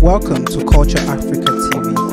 Welcome to Culture Africa TV.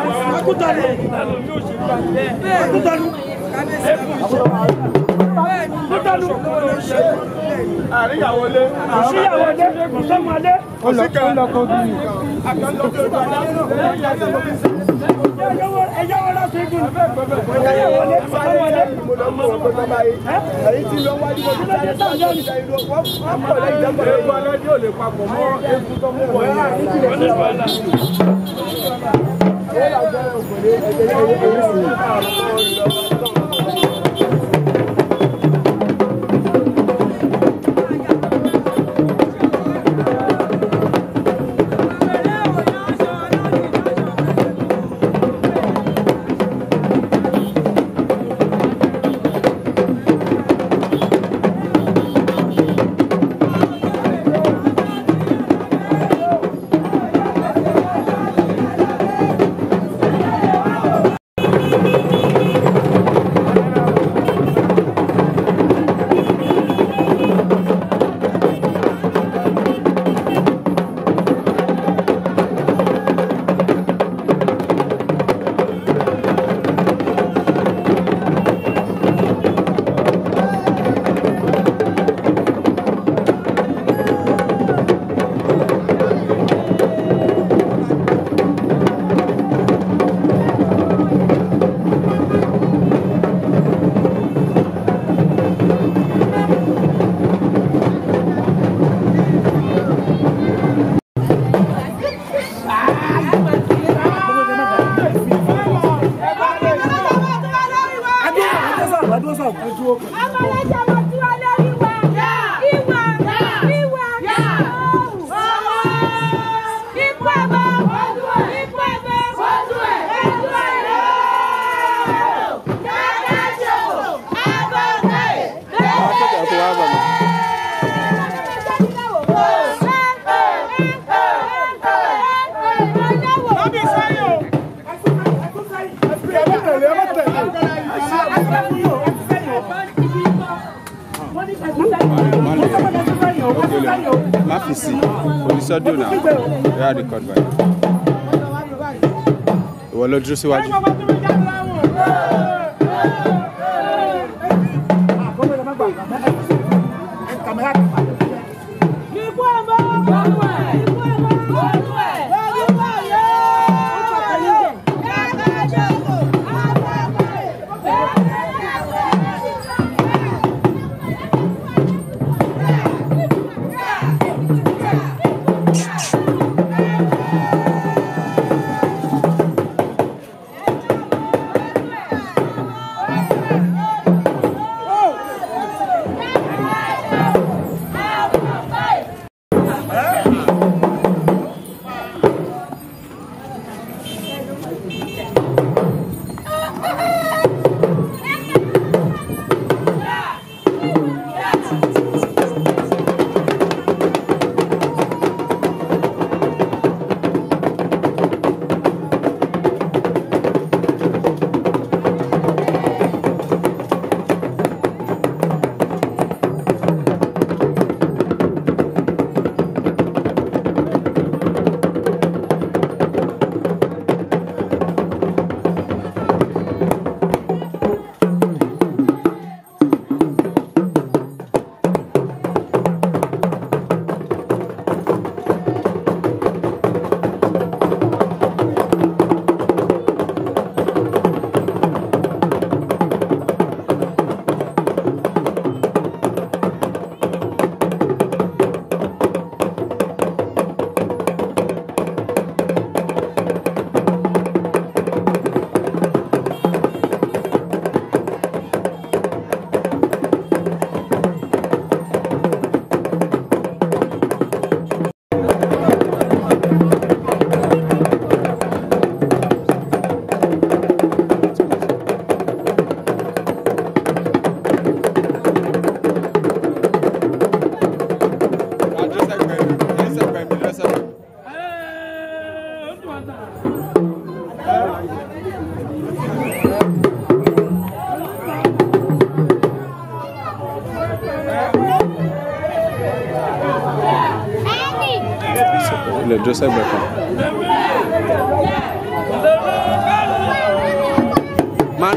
akútọ̀lù akútọ̀lù akútọ̀lù àríyàwó lé àríyàwó lé sọ́mọ lé. ó lọ kó lọ kó bí. ẹ̀yà wọn lọ sí gùn. àríyàwó lé sọ́mọ lé. ẹ̀yìn tí lọ wájú bọ̀ síta ní sáà yọ̀ọ̀nì. ọ̀pọ̀ lẹ́yìn tó ń bọ̀ lẹ́yìn. ewu alẹ́ yóò lè papọ̀ mọ́ ewu tó ń bọ̀ yìí. Thank you. le jeu si waaju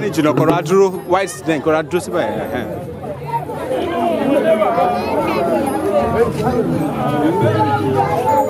ní jìnnà kọ̀ọ̀rọ̀ adúró white student kọ̀ọ̀rọ̀ adúró síbẹ̀ ẹ̀hẹ́n. Thank you.